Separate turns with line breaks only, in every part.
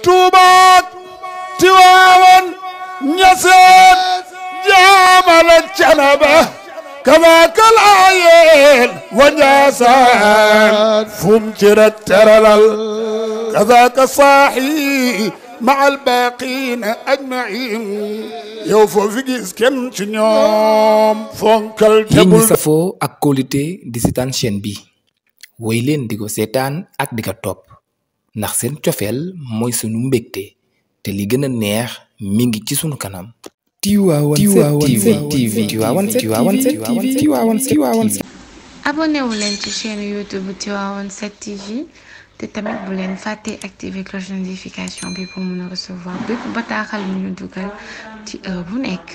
tuubaak tiwaawan ñaseen jaamala canaba kamaaka laayeen wa fum cira teralal kadaaka saaxi ma albaaqiina ajmain yow foo fi gis
kenn ci ñoom fonkal te bul
safoo ak kóolute di seetaan chaîne bi woy leen di ko seetaan ak di ko topp ndax seen cofeel mooy sunu mbégte te li gën a neex mi ngi ci sunu kanam. Tivaouane 7 TV Tivaouane 7 TV Tivaouane 7 TV. abonné leen ci chaîne youtube Tivaouane 7 TV te tamit bu leen fàttee activer cloche notification bi pour mën a recevoir bépp bataaxal bu ñu dugal ci bu nekk.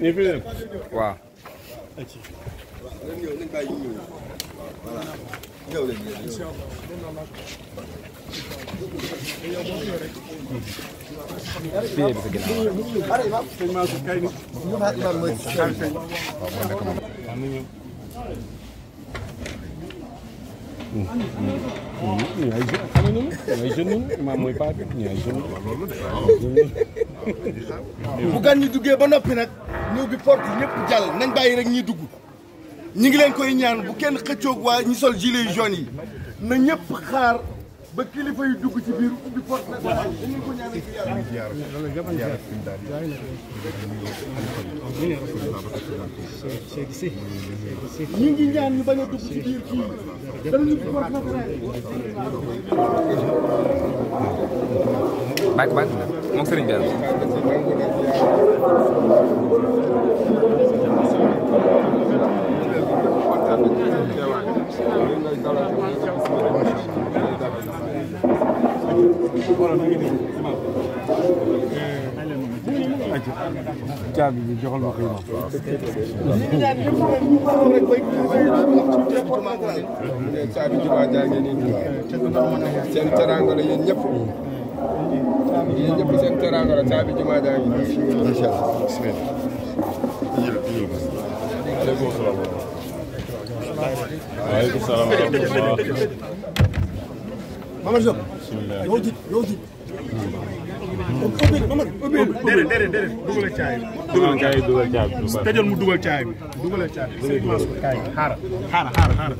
ñu fi nekk waaw. ñu
ay jeunes xam nañu ay jeunes maam mooy paa bi ñu ay jeunes. bu gan ñu duggee ba noppi nag. ñëw bi porte ñëpp jàll nañ bàyyi rek ñi dugg ñu ngi leen koy ñaan bu kenn xëccoog waa ñi sol gilet jaune yi na ñëpp xaar ba kilifa yu dugg ci biir ubbi ngi ñaan ñu bañ a dugg ci biir kii
bàyyi ko bàyyi ko moom sëriñ bi
caabi bi joxal ma xëy na. seen teraanga la yéen ñëpp. yéen ñëpp seen teraanga la caabi jumaa jaa ngi nii. incha allah bisimilah. waaleykum salaam. waaleykum salaam wa rahmatulah. Mamar Diop. bisimilah yow jiit yow jiit. Mamar déedéet déedéet déedéet dugal caay dugal caay dugal caay bi. tëjal mu dugal caay bi dugal caay bi. Serigne Mansour kaay xaaral xaaral xaaral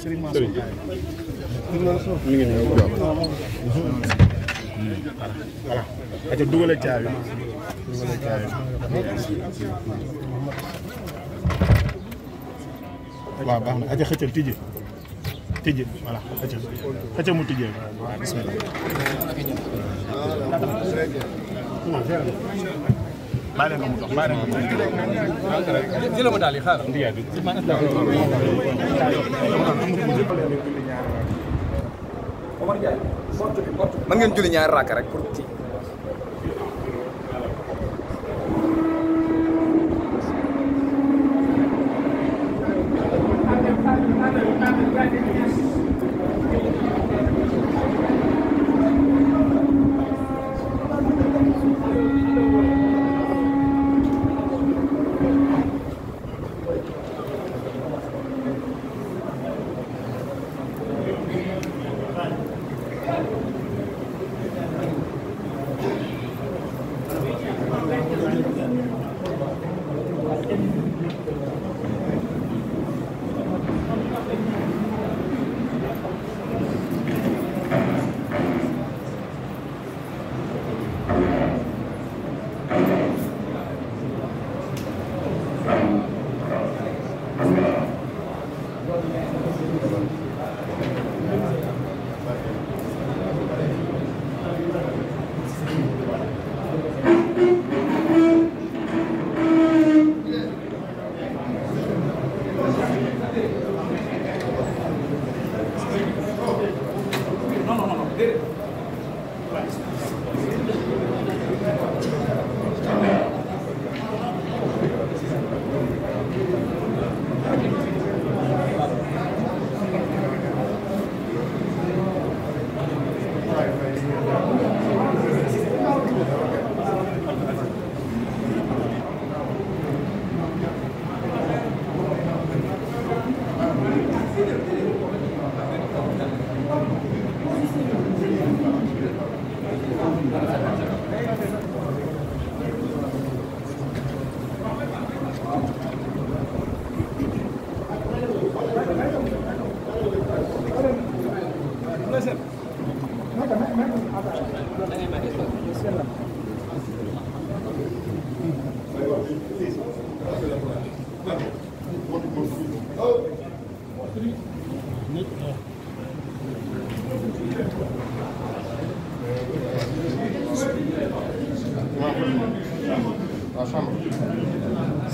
Serigne Mansour kaay. mi ngi ñëw
voilà aca dugal caabi
dugal caabi waaw baax na ma daal
di Omar Ndiaye porte bi porte bi
ngeen julli rek pour Thank you.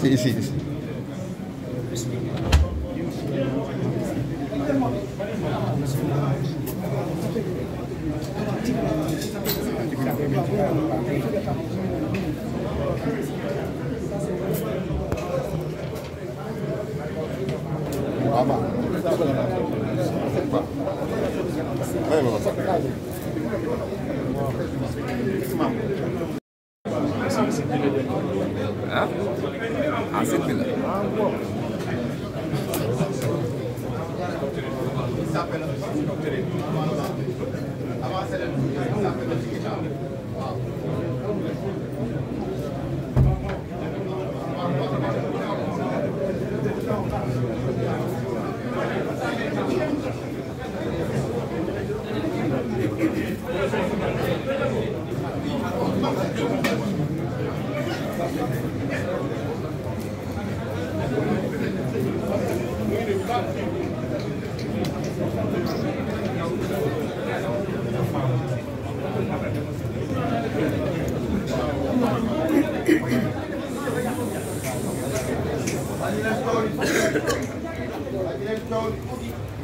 Sí, sí, sí.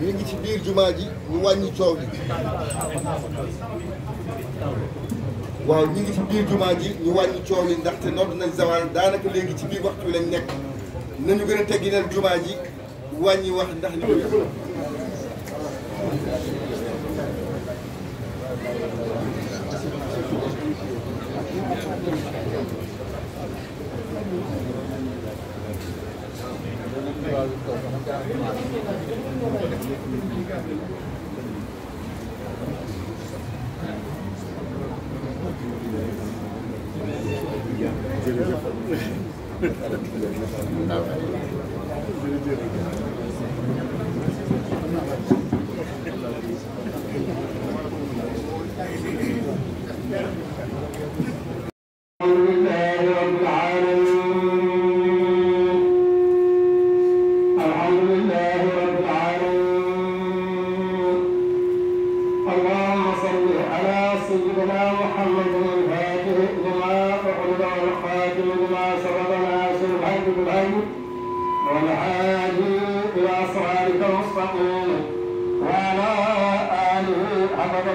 ñu ngi ci biir jumaa ji ñu wàññi coow li waaw ñu ngi ci bir jumaa ji ñu wàññi coow li ndaxte nodd nañ zawal daanaka léegi ci biir waxtu lañ nekk nañu gën a tegginal wàññi wax ndax li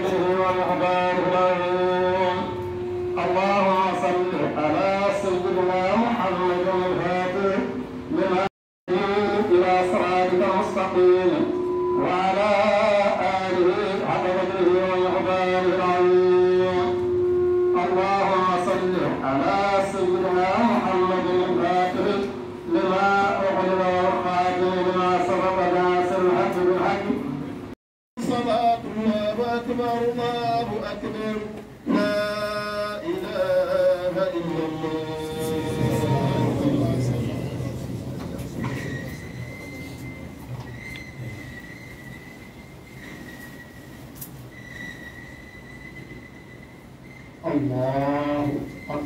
رسوله ومخباره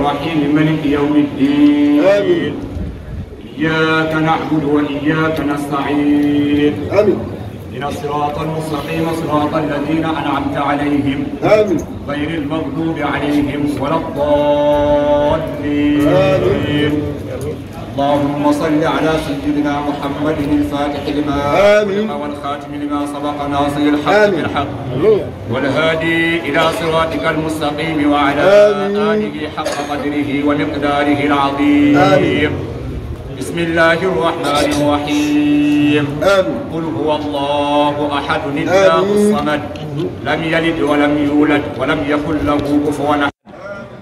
الرحيم ملك يوم الدين آمين إياك نعبد وإياك نستعين آمين إن الصراط المستقيم صراط الذين أنعمت عليهم آمين غير المغضوب عليهم ولا الضالين آمين اللهم صل على سيدنا محمد الفاتح لما آمين والخاتم لما سبق ناصر الحق بالحق والهادي إلى صراطك المستقيم وعلى آله حق قدره ومقداره العظيم آمين بسم الله الرحمن الرحيم آمين. قل هو الله أحد الله الصمد لم يلد ولم يولد ولم يكن له كفوا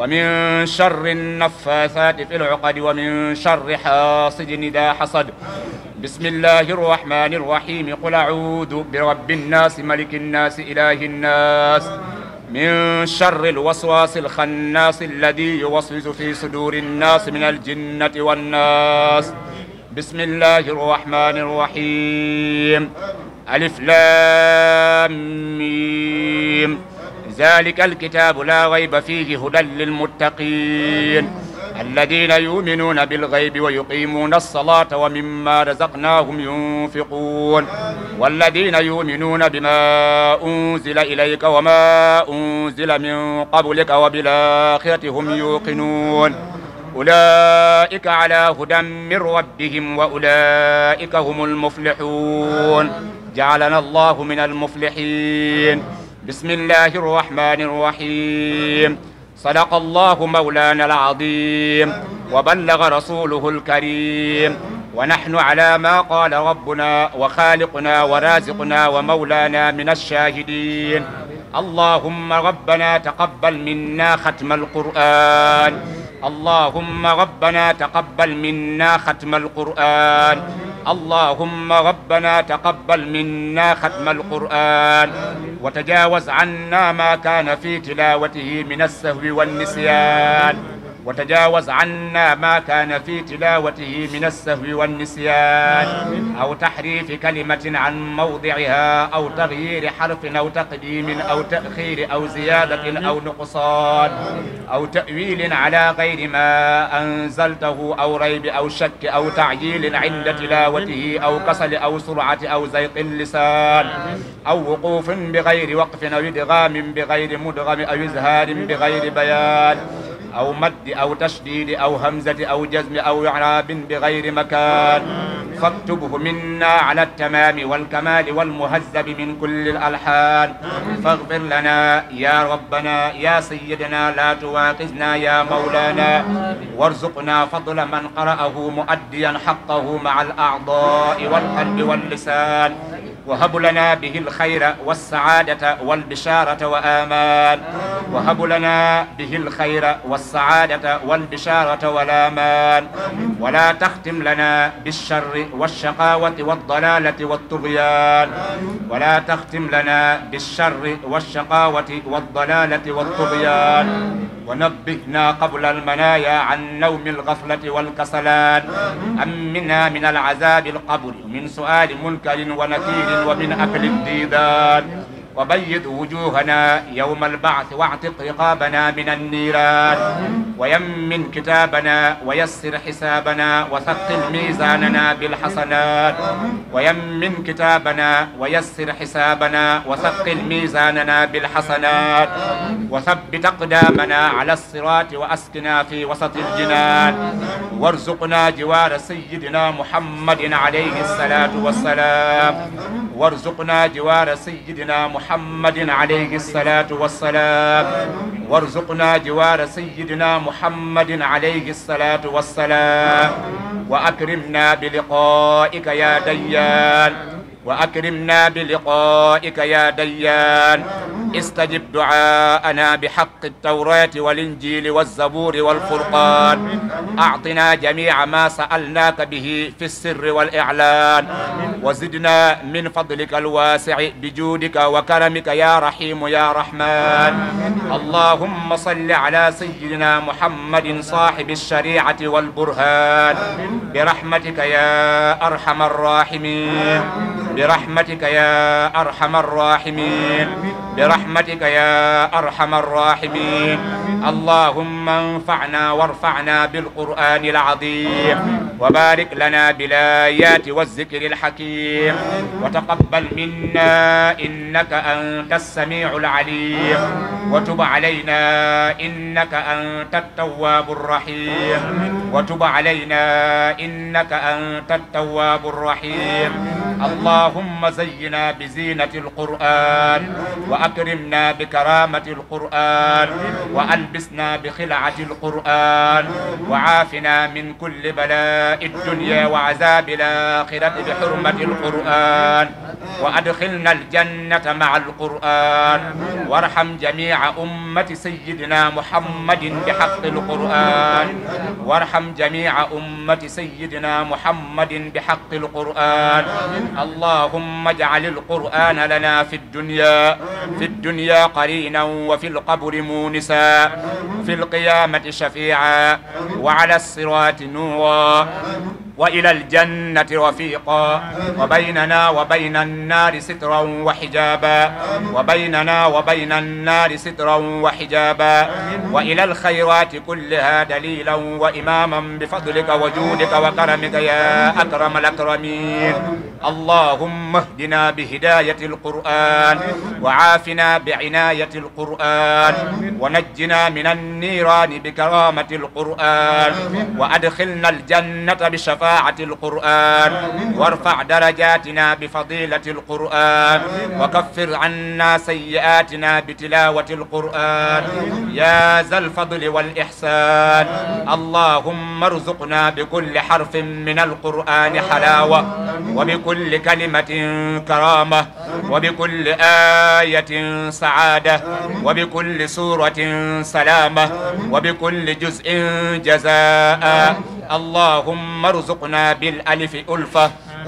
ومن شر النفاثات في العقد ومن شر حاصد إذا حصد بسم الله الرحمن الرحيم قل أعوذ برب الناس ملك الناس إله الناس من شر الوسواس الخناس الذي يوسوس في صدور الناس من الجنة والناس بسم الله الرحمن الرحيم ألف لام ميم ذلك الكتاب لا ريب فيه هدى للمتقين الذين يؤمنون بالغيب ويقيمون الصلاة ومما رزقناهم ينفقون والذين يؤمنون بما أنزل إليك وما أنزل من قبلك وبالآخرة هم يوقنون أولئك على هدى من ربهم وأولئك هم المفلحون جعلنا الله من المفلحين بسم الله الرحمن الرحيم صدق الله مولانا العظيم وبلغ رسوله الكريم ونحن على ما قال ربنا وخالقنا ورازقنا ومولانا من الشاهدين اللهم ربنا تقبل منا ختم القرآن اللهم ربنا تقبل منا ختم القرآن اللهم ربنا تقبل منا ختم القرآن وتجاوز عنا ما كان في تلاوته من السهو والنسيان وتجاوز عنا ما كان في تلاوته من السهو والنسيان أو تحريف كلمة عن موضعها أو تغيير حرف أو تقديم أو تأخير أو زيادة أو نقصان أو تأويل على غير ما أنزلته أو ريب أو شك أو تعجيل عند تلاوته أو كسل أو سرعة أو زيق اللسان أو وقوف بغير وقف أو إدغام بغير مدغم أو إزهار بغير بيان أو مد أو تشديد أو همزة أو جزم أو إعراب بغير مكان فاكتبه منا على التمام والكمال والمهذب من كل الألحان فاغفر لنا يا ربنا يا سيدنا لا تواخذنا يا مولانا وارزقنا فضل من قرأه مؤديا حقه مع الأعضاء والقلب واللسان وهب لنا به الخير والسعادة والبشارة والآمال وهب لنا به الخير والسعادة والبشارة والآمال ولا تختم لنا بالشر والشقاوة والضلالة والطغيان ولا تختم لنا بالشر والشقاوة والضلالة والطغيان ونبهنا قبل المنايا عن نوم الغفلة والكسلان أمنا من العذاب القبر من سؤال منكر ونكير ومن أكل الديدان وبيض وجوهنا يوم البعث واعتق رقابنا من النيران ويمن كتابنا ويسر حسابنا وثقل ميزاننا بالحسنات ويمن كتابنا ويسر حسابنا وثقل ميزاننا بالحسنات وثبت اقدامنا على الصراط واسكنا في وسط الجنان وارزقنا جوار سيدنا محمد عليه الصلاه والسلام وارزقنا جوار سيدنا محمد عليه الصلاة والسلام وارزقنا جوار سيدنا محمد عليه الصلاة والسلام وأكرمنا بلقائك يا ديان وأكرمنا بلقائك يا ديان استجب دعاءنا بحق التوراة والإنجيل والزبور والفرقان أعطنا جميع ما سألناك به في السر والإعلان وزدنا من فضلك الواسع بجودك وكرمك يا رحيم يا رحمن اللهم صل على سيدنا محمد صاحب الشريعة والبرهان برحمتك يا أرحم الراحمين برحمتك يا أرحم الراحمين برحمتك يا أرحم الراحمين اللهم انفعنا وارفعنا بالقرآن العظيم وبارك لنا بالآيات والذكر الحكيم وتقبل منا إنك أنت السميع العليم وتب علينا إنك أنت التواب الرحيم وتب علينا إنك أنت التواب الرحيم الله اللهم زينا بزينة القرآن وأكرمنا بكرامة القرآن وألبسنا بخلعة القرآن وعافنا من كل بلاء الدنيا وعذاب الآخرة بحرمة القرآن وأدخلنا الجنة مع القرآن وارحم جميع أمة سيدنا محمد بحق القرآن وارحم جميع أمة سيدنا محمد بحق القرآن الله اللهم اجعل القرآن لنا في الدنيا في الدنيا قرينا وفي القبر مونسا في القيامة شفيعا وعلى الصراط نورا وإلى الجنة رفيقا وبيننا وبين النار سترا وحجابا وبيننا وبين النار سترا وحجابا وإلى الخيرات كلها دليلا وإماما بفضلك وجودك وكرمك يا أكرم الأكرمين اللهم اهدنا بهداية القرآن وعافنا بعناية القرآن ونجنا من النيران بكرامة القرآن وأدخلنا الجنة بشفاعة القرآن وارفع درجاتنا بفضيلة القرآن وكفر عنا سيئاتنا بتلاوة القرآن يا ذا الفضل والإحسان اللهم ارزقنا بكل حرف من القرآن حلاوة وبكل كلمة كرامة وبكل آية سعادة وبكل سورة سلامة وبكل جزء جزاء اللهم ارزقنا وارزقنا بالألف ألفة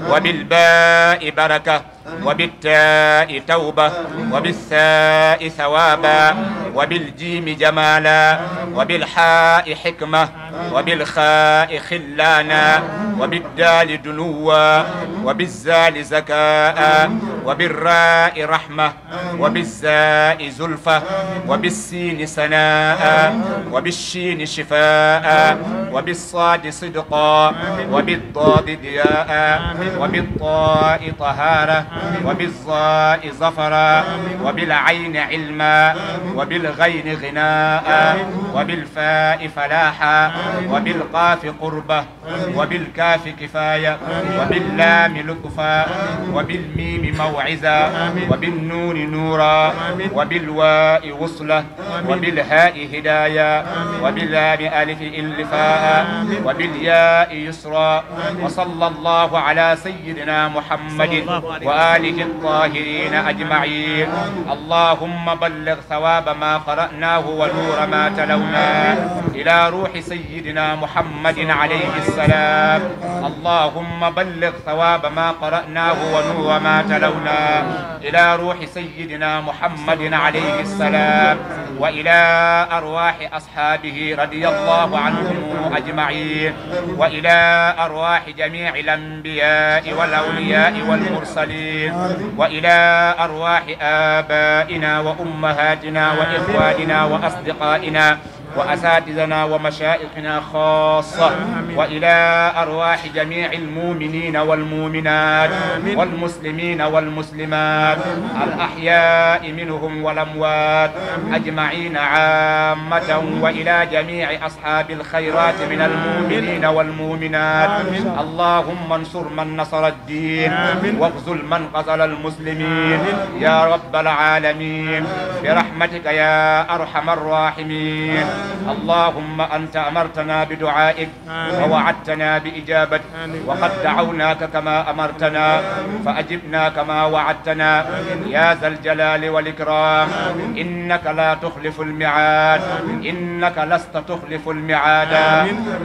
وبالباء بركة وبالتاء توبة وبالثاء ثوابا وبالجيم جمالا وبالحاء حكمة وبالخاء خلانا وبالدال دنوا وبالزال زكاء وبالراء رحمة وبالزاء زلفة وبالسين سناء وبالشين شفاء وبالصاد صدقا وبالضاد ضياء وبالطاء طهارة وبالظاء ظفرا وبالعين علما وبالغين غناء وبالفاء فلاحا وبالقاف قربة وبالكاف كفاية وباللام لطفا وبالميم موعزا وبالنون نورا وبالواء وصلة وبالهاء هداية وباللام ألف إلفاء وبالياء يسرا وصلى الله على سيدنا محمد وآله وآله الطاهرين أجمعين اللهم بلغ ثواب ما قرأناه ونور ما تلوناه إلى روح سيدنا محمد عليه السلام اللهم بلغ ثواب ما قرأناه ونور ما تلوناه إلى روح سيدنا محمد عليه السلام وإلى أرواح أصحابه رضي الله عنهم أجمعين وإلى أرواح جميع الأنبياء والأولياء والمرسلين العالمين وإلى أرواح آبائنا وأمهاتنا وإخواننا وأصدقائنا وأساتذنا ومشائخنا خاصة وإلى أرواح جميع المؤمنين والمؤمنات والمسلمين والمسلمات الأحياء منهم والأموات أجمعين عامة وإلى جميع أصحاب الخيرات من المؤمنين والمؤمنات اللهم انصر من نصر الدين واغزل من قتل المسلمين يا رب العالمين برحمتك يا أرحم الراحمين اللهم أنت أمرتنا بدعائك ووعدتنا بإجابتك وقد دعوناك كما أمرتنا فأجبنا كما وعدتنا يا ذا الجلال والإكرام إنك لا تخلف الميعاد إنك لست تخلف الميعاد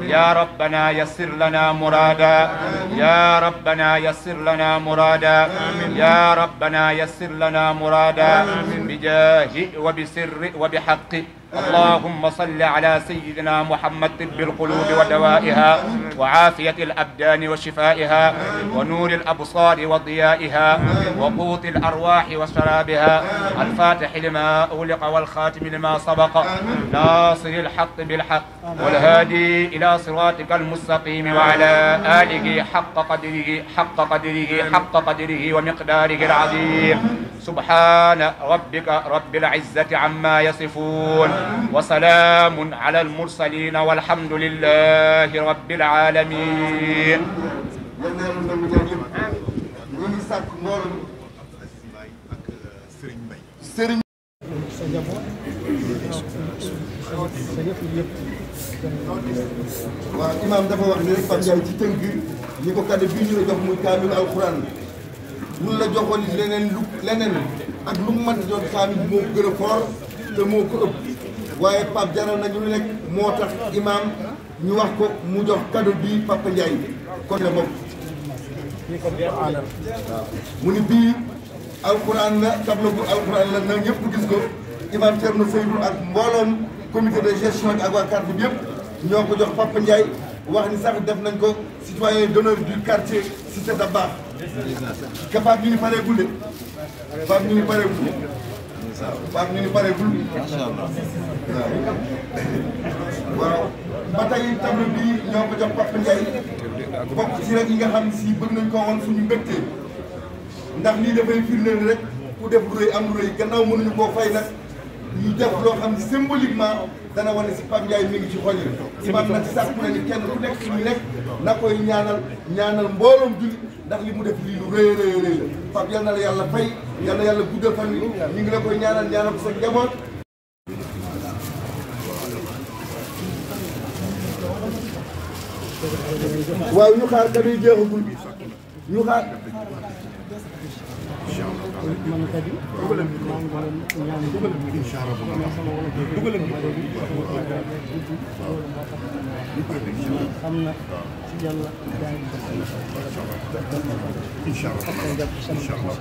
يا ربنا يسر لنا مرادا يا ربنا يسر لنا مرادا يا ربنا يسر لنا مرادا بجاه وبسر وبحق اللهم صل على سيدنا محمد طب القلوب ودوائها وعافية الأبدان وشفائها ونور الأبصار وضيائها وقوت الأرواح وسرابها الفاتح لما أغلق والخاتم لما سبق ناصر الحق بالحق والهادي إلى صراطك المستقيم وعلى آله حق قدره حق قدره حق قدره ومقداره العظيم سبحان ربك رب العزة عما يصفون وسلام على المرسلين والحمد لله رب العالمين
Serigne sa njaboot sa yëpp yëpp waaw imaam dafa wax ni rek Pape Ndiaye ci tënk ñi ko kaddu bii ñu la jox muy kaamil alxuraan mun la joxoon leneen lu leneen ak lu mu mën doon kaamil moo gën a fort te moo ko ëpp waaye Pape jaral nañu rek moo ñu wax ko mu jox cadeau bii Papa kon la avec la ko Seydou ak comité de gestion ak carte bi yëpp jox Papa wax ni sax def nañ ko citoyen d'honneur du quartier Cité Pape ni ñu ni waaw Pape ñu ngi pareegul. macha allah waaw. waaw ba tey tableau bi ñoo ko jox Pape bokk ci rek yi nga xam si bëgg nañ ko woon suñu mbégte ndax lii dafay firndeel rek ku def lu rëy am lu rëy gannaaw mënuñu koo fay nag ñu def loo xam ne symboliquement dana wane si Pape Ndiaye mi ngi ci xol yi. imam nag sax mu ne ni kenn ku nekk suñu nekk. na koy ñaanal ñaanal mbooloom jullit ndax li mu def lii lu rëy rëy rëy la Pape na la yàlla fay yal na yàlla guddal fan yi ñu ngi la koy ñaanal ñaanal ko sa njaboot waaw ñu xaar dañuy jeexagul ñu xaar incha allah man a tëj. dugalal bi maa ngi leen ñaan dugalal bi incha allah dugalal bi xam na ci yàlla yaa ngi ko. incha allah incha allah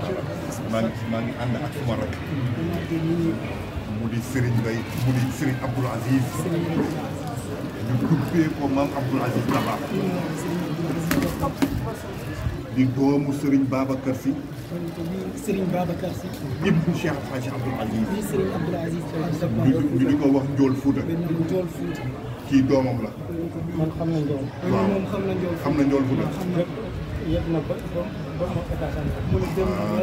maa ngi maa ngi ànd ak sama rakk. mu di Serigne Mbaye mu di Serigne Abdoul Aziz. ñu duppee ko maam Abdoul Aziz Dabakh. di doomu Serigne Babacar Sy. di Serigne Babacar Sy. ibnu Cheikh El Hadj Abdoul Aziz. di Serigne Abdoul Aziz. ñu di ko wax Njool Fouta. Njool Fouta. kii doomam la. man xam na Njool. waaw moom xam na Njool. xam na Njool Fouta. yëpp na ba ba ba mu étage am. Ah,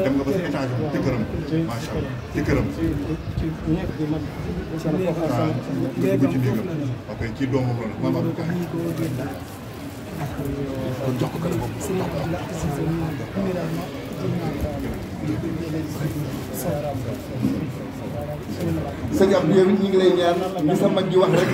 dem nga ba sa étage am ci këram.
macha allah ci këram.
ci ñeeg bi man. seen foofu la sama ah, dugg ci néegam ok ci doomam la la maam Abdou Kaye. kon jox ko kër boobu. sëñ Abdou yow it ñu ngi lay ñaan li sa mag ji wax rek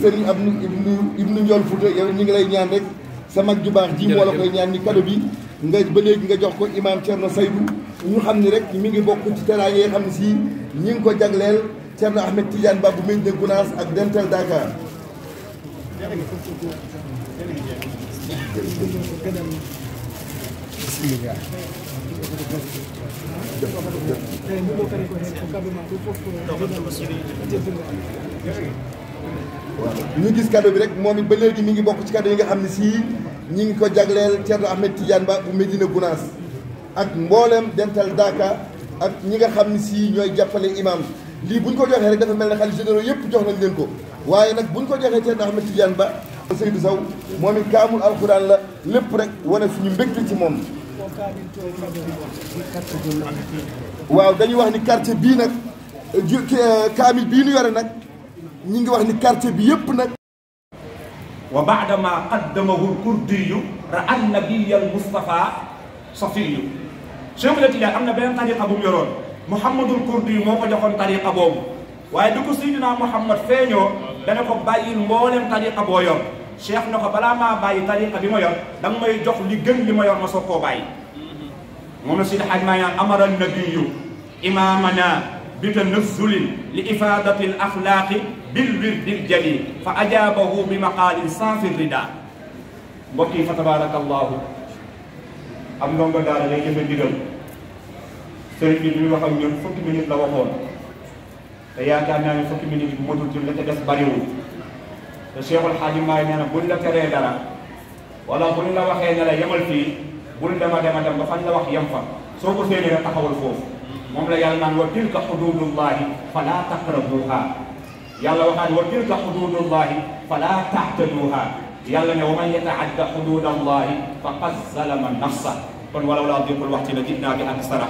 sëriñ Abdou ibnu ibnu Ndiol Fouta yow ñu ngi lay ñaan rek sa mag ju baax ji moo la koy ñaan ni kado bi nga ba léegi nga jox ko imaam Thierno Seydou ñu xam ni rek mi ngi bokk ci teraanga yi xam ne si ñi ngi ko jagleel Thierno Ahmed Tidiane Babou Médina Gounass ak Dental Dakar. milliards ñu gis cadeau bi rek moom it ba léegi mi ngi bokk ci cadeau yi nga xam ne sii ñu ngi ko jagleel Thierno Ahmed Tidiane Ba bu Medina Gounass ak mboolem dental daaka ak ñi nga xam ne sii ñooy jàppale imam lii buñ ko joxee rek dafa mel ne xaalis généraux yëpp jox na leen ko waaye nag buñ ko joxee Thierno Ahmed Tidiane Ba Seydou Sow moom it kaamul alxuraan la lépp rek wane ñu mbégte ci moom waaw dañuy wax ni quartier bii nag kaamil bii nu yore nag ñu ngi wax ni quartier bi yépp nag
wa baada ma qaddamahu kurdiyu ra an nabiyal mustafa safiyu Cheikh la Tijaan am tariqa bu mu yoroon Mouhamadul Kurdi moo ko tariqa boobu waaye du ko Seydina Mouhamad feeñoo dana ko bàyyil mbooleem tariqa boo yor Cheikh na ko balaa bàyyi tariqa bi yor danga may jox li gën li ma yor ma soog bàyyi مونو سيد حجنايان امر النبي امامنا بتنزل لإفادة الأخلاق بالورد الجليل فأجابه بمقال صاف الرداء بكي فتبارك الله أم لونغ دار لي جيب ديغل سيرك دي ني واخا نيون فوك مينيت لا واخون يا كان ناني فوك مينيت بو مودول جيم لا تا ديس باريو الشيخ الحاج ماي نانا بول لا تري دارا ولا بول لا واخي نالا يمال فيه bul dama dama dem ba fan la wax yem fa soo ko séenee rek taxawal foofu moom la yàlla naan wa tilka xududullahi fala taqrabuha yàlla waxaan wa tilka xududullahi fala taxtaduha yàlla ne wa man yataadda xududallahi faqad zalama nafsa kon walaw laa diqul waxti la jidnaa bi aksara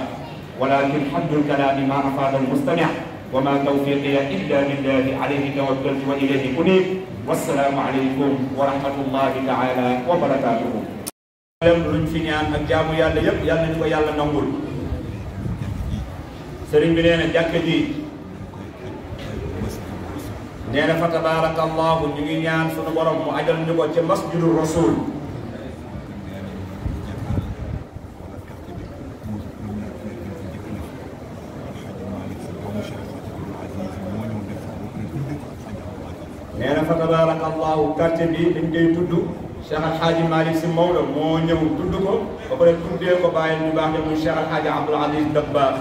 walakin xaddul kalaami ma afaada almustamic وما توفيقي إلا بالله عليه توكلت وإليه أنيب والسلام عليكم ورحمة الله تعالى وبركاته mboolem luñ fi yàlla yépp yàlla nañu ko yàlla fa tabaraka allahu ñu ngi ñaan sunu borom mu ajal ñu ci masjidu rasul Cheikh Al Hadj Malick Sy Maodo moo ñëw tudd ko ba pare tuddee ko bàyyi ñu baax ne muy Cheikh Al Hadj Abdoul Aziz Dabakh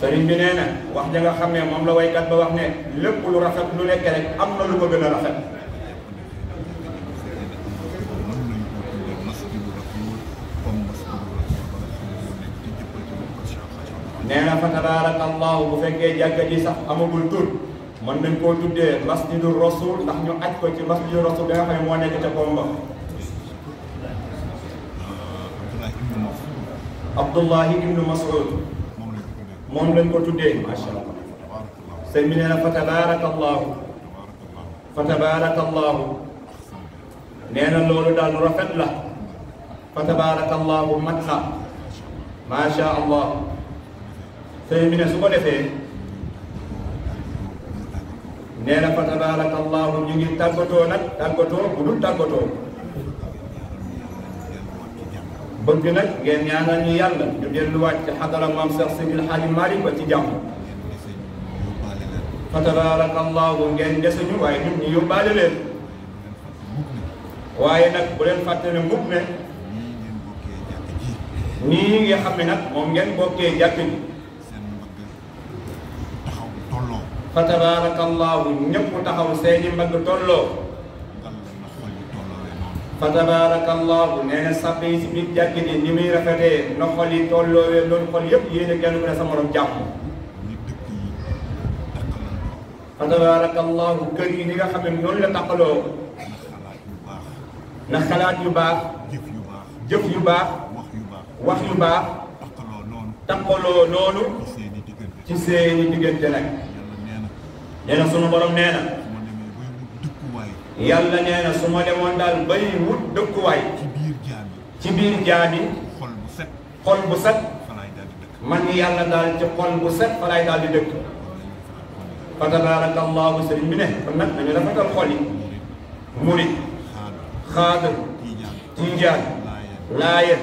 sëriñ bi nee na wax ja nga xam ne moom la waykat ba wax ne lépp lu rafet lu nekk rek am na lu ko gën a rafet nee na fa tabaaraka allahu bu fekkee jàkka ji sax amagul tur mën nañ koo tuddee masjidul rasul ndax ñu aj ko ci masjidul rasul bi nga xam ne moo nekk ca Bomba Abdullahi ibnu Mas'ud moom lañ ko tuddee macha allah sëñ bi nee na fa tabaraka allahu fa tabaraka allahu nee na loolu daal lu rafet la fa tabaraka allahu mat na macha allah sëñ bi ne su ko defee nee na fa tabaraka allahu ñu nag tàggatoo bu dul tàggatoo bëgg nag ngeen ñaanal ñu yàlla ñu delluwaat ci xadara maam Seex Sidil Haaji ba ci jàmm fa tabaraka allahu ngeen desuñu waaye ñun ñu yóbbaale leen waaye nag bu leen fàtte ne mukk ngeen bokkee jàkk fa tabaarakallaahu ñëpp taxaw seeni mbagg tolloo fa tabaarakallaahu nee sàpp yi si biir jàkk ni ni muy rafetee na xol yi tolloowee loolu xol yëpp yéene kenn ku ne sa morom jàmm fa tabaarakallaahu kër yi ni nga xam ne noonu la taqaloo na xalaat yu baax jëf yu baax wax yu baax taqaloo noonu ci seeni diggante nag yana na sunu borom nee na yàlla nee na su ma demoon daal bay wut dëkkuwaay ci biir jaam yi xol bu set man yàlla daal ci xol bu set fa laay daal di dëkk fa bi ne kon nag dañu rafetal xol yi murit xaadir tijaan laayeen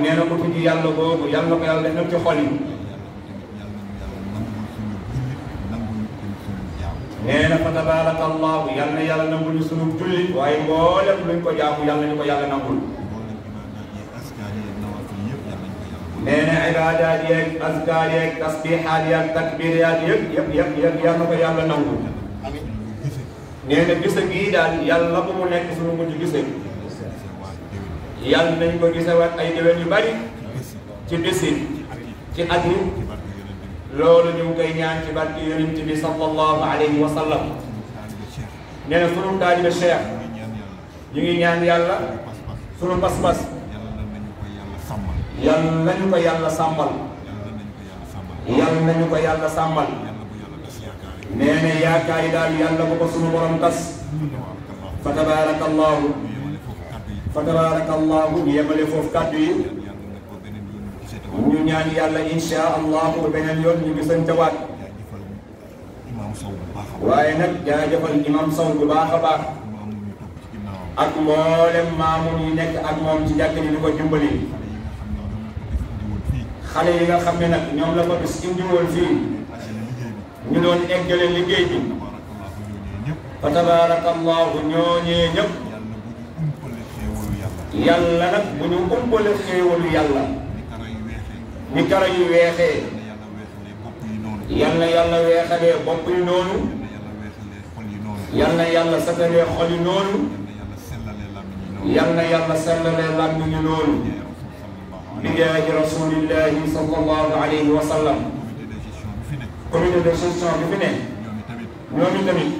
nee na ko tudd yàlla boobu yàlla ko yàlla def ci xol yi nee na fa yal na yàlla nangul ñu sunu julli waaye mboolem luñ ko jaamu yal nañu ko yàlla nangul nee na ibaadaat yeeg azkaar tasbiixaat yeeg takbiraat yëpp yal na ko yàlla nangul nee na gise gii daal yàlla bu mu nekk sunu mujj gise yal nañ ko gisewaat ay déwén yu bari ci bisi ci at loolu ñu ngi koy ñaan ci barke yonent bi sallallahu alayhi wa sallam nee na sunu taalibe Cheikh ñu ngi ñaan yàlla sunu pas-pas yàlla nañu
ko yàlla sàmmal
yàlla nañu ko yàlla sàmmal nee na yaakaar yi daal yàlla ko ko sunu borom tas fa tabaarakallahu fa tabaarakallahu ñu yemale foofu kàddu yi ñu ñaan yàlla insha beneen yoon ñu gisantewaat waaye nag jaajëfal imam Sow bu baax a baax ak mboolem maamu yi nekk ak moom ci jàkk ji di ko dimbali xale yi nga xam ne nag ñoom la ko bis indiwoon fii ñu doon eggale liggéey bi fa tabarakallahu ñooñee ñëpp yàlla nag bu ñu umpale xéewalu yàlla ni kala yu weexee yal na yàlla weexalee bopp yi noonu yal na yàlla satalee xol yi noonu yal na yàlla sellalee làmmiñ yi noonu bijaahi rasulillahi sallallahu alayhi wa sallam comité de gestion bi fi ne ñoom itamit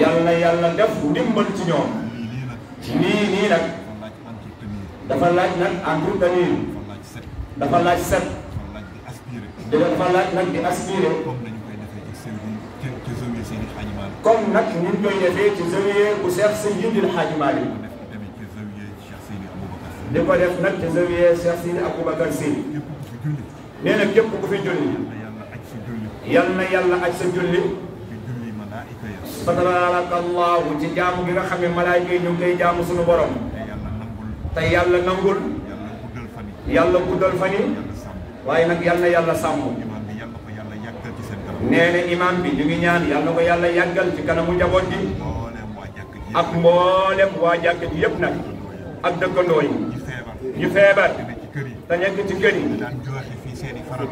yal na yàlla def ndimbal ci ñoom lii nii nag dafa laaj nag entretenir dafa laaj set. dafa laaj nag di aspiré. comme nag ñu ngi koy defee ci zawiya bu Cheikh Seydil Hadji Malick
di ko def nag ci
zawiya Cheikh Seydi Aboubacar Sy. nee na képp ku fi julli. yal na yàlla aj sa julli. fa tabaraka allahu ci jaamu gi nga xam ne malaayka yi ñu ngi koy jaamu suñu borom. te yàlla nangul. yàlla guddal fan yi waaye nag yal na yàlla sàmm. nee na imaam bi ñu ngi ko yàlla yàggal ci kanamu njaboot ji ak mboolem waa jàkk ji yëpp nag ak dëkkandoo yi ñu feebar te nekk ci kër yi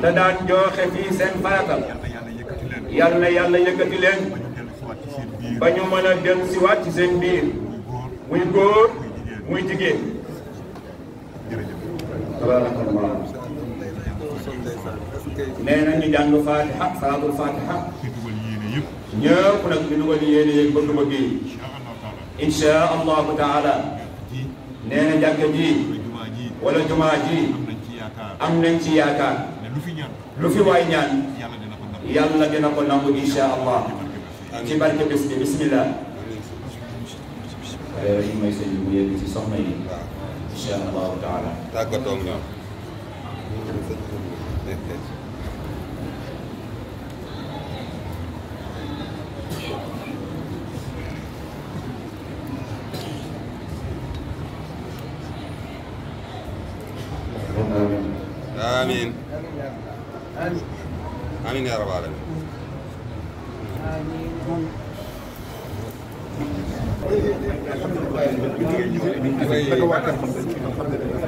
te daan jooxe fii seen farata yal na yàlla yëkkati leen ba ñu ci seen biir muy góor muy jigéen. tabarakallah nee na ñu jàng fatiha salaatul fatiha ñëpp nag ñu dugal yéene yëg ba duba gi insha allahu taala nee na jàkka ji wala jumaa ji am nañ ci yaakaar lu fi waay ñaan yàlla dina ko nangu insha allah ci barke bismillah incha allahu taala. tàggatoo ak ñoom.
آمين آمين يا رب العالمين آمين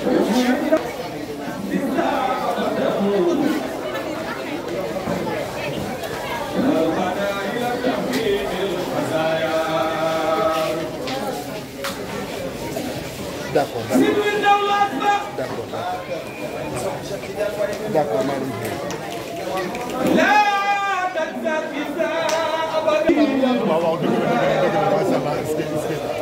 D'accord. D'accord. D'accord, madame. La tata pizza abadi.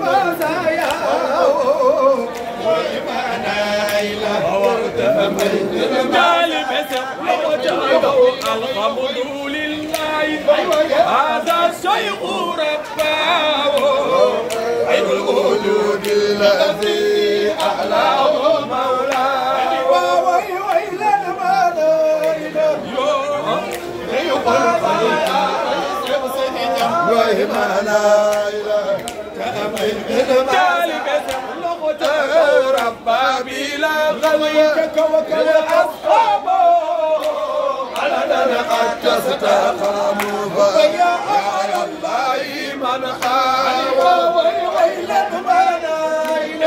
الحمد لله هذا الشيخ رباه عين الوجود الذي أعلاه مولاه ووي ويل ما نايله يوم القيامة وهي ما نايله ذلك سملغت ربا بلا غويتك وكل أصحاب علنا قد تستقام فيا الله من حاول ويلت منايل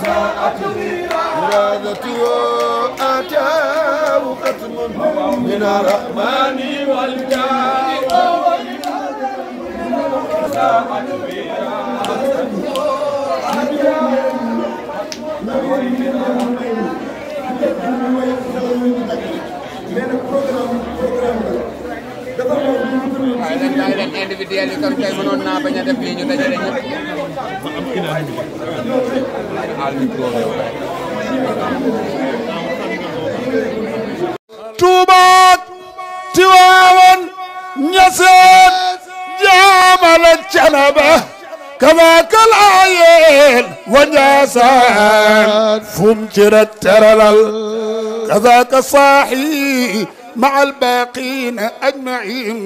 من وساءت لي إرادته أتاه ختم من الرحمن والجاه وساءت لي Benim program programı
waaye nag bàyyi leen a def lii ñu dajale
fum ci rek teralal kazaaka saaxi ma albaaqina
ajmain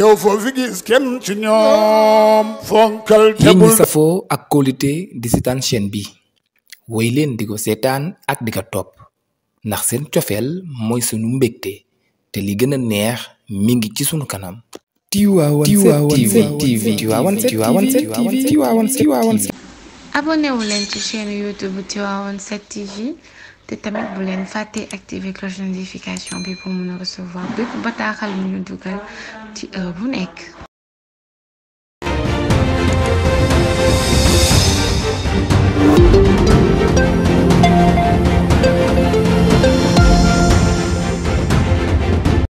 yow foo fi gis
kenn ci ñoom fonkal yéen ñi
safoo ak kóolite di seetaan chaîne bi woy leen di ko seetaan ak di ko topp ndax seen cofeel mooy sunu mbégte te li gën a neex mi ngi ci sunu kanam Tivaouane 7 TV TV Tivaouane 7 TV TV te tamit bu leen activer cloche notification pour recevoir bépp bataaxal